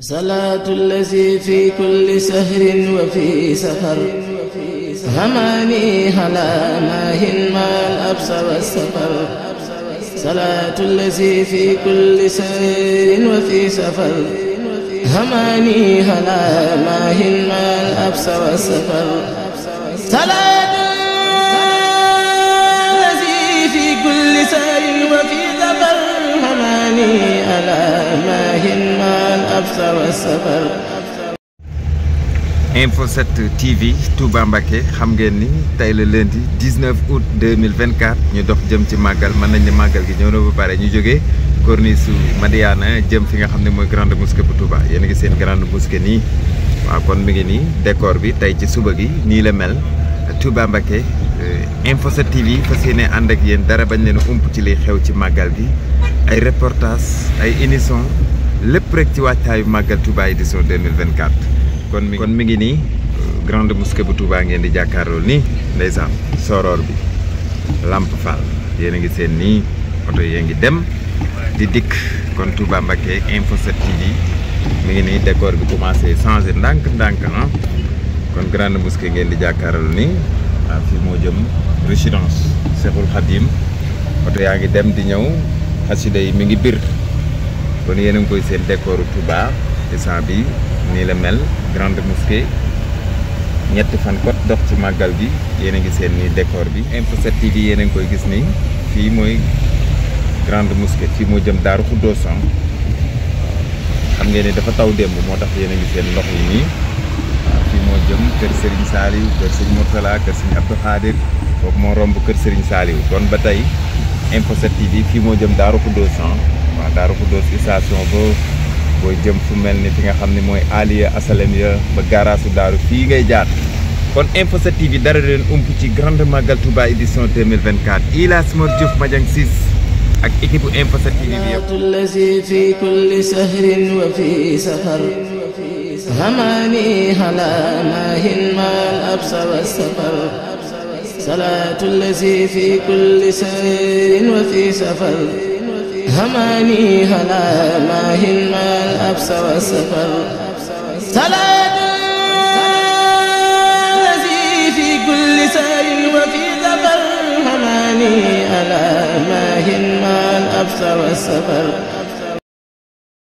salaatu lazi fi kulli sahrin wa fi safar hamaani halaa maahin maal absa wa safar salaatu lazi fi kulli sahrin wa fi safar hamaani halaa maahin maal absa wa safar Info 7 TV Touba Mbacké xam ngeen ni tey la lundi 19 août 2024 ñu dox jëm ci màggal mën nañ ne màggal gi ñëw na ba pare ñu jóge corniche su Madiana jëm fi nga xam ne mooy grande mosquée bu Touba yéen a ngi seen grande mosquée nii waaw kon mi ngi nii décor bi tey ci suba gi nii la mel Touba Mbacké euh, Info TV fas yéene ànd ak yéen dara bañ leen ump ci liy xew ci màggal gi ay reportage ay émission lépp rek ci waajtaayu màggal Touba édition 2024 kon mi kon mi ngi nii grande mosquée bu Touba ngeen di jàkkaarloo nii ndeysaan soroor bi Lamp Fall yéen a ngi seen nii oto yee ngi dem di dikk kon Touba Mbacké Info 7 TV mi ngi nii décor bi commencé changé ndànk ndànk ah kon grande mosquée ngeen di jàkkaarloo nii ah fii moo jëm résidence Cheikhul Khadim oto yaa ngi dem di ñëw xasida yi mi ngi bir kon yéen a ngi koy seen décoru Touba instant bi nii la mel grande mosquée ñetti fan kot dox ci màggal bi yéen a ngi seen nii décor bi Info 7 TV yéen a koy gis nii fii mooy grande mosquée fii moo jëm Daaru san xam ngeen ne dafa taw démb moo tax yéen a ngi seen ndox yi nii waaw fii moo jëm kër Serigne Saliou kër Serigne Mourtala kër Serigne Abdou Khadir foofu moo romb kër Serigne Saliou kon ba tey Info 7 TV fii moo jëm Daaru Xuddoos waa Daaru Khoudoss station ba booy jëm fu mel ni fi nga xam ni mooy Aliya Asalem ya ba gaaraasu Daaru fii ngay jaar kon Info 7 TV dara leen ump ci grande magal Touba édition 2024 Ilaas Mor Diouf Madiang Ciss ak équipe bu Info TV bi yëpp allazi fi kulli sahrin safar hamani hala fi kulli sahrin wa fi safar هماني هلا ماهل ما الأبس والسفر صلاة الذي في كل سار وفي ذبر هماني ألا ماهل ما الأبس والسفر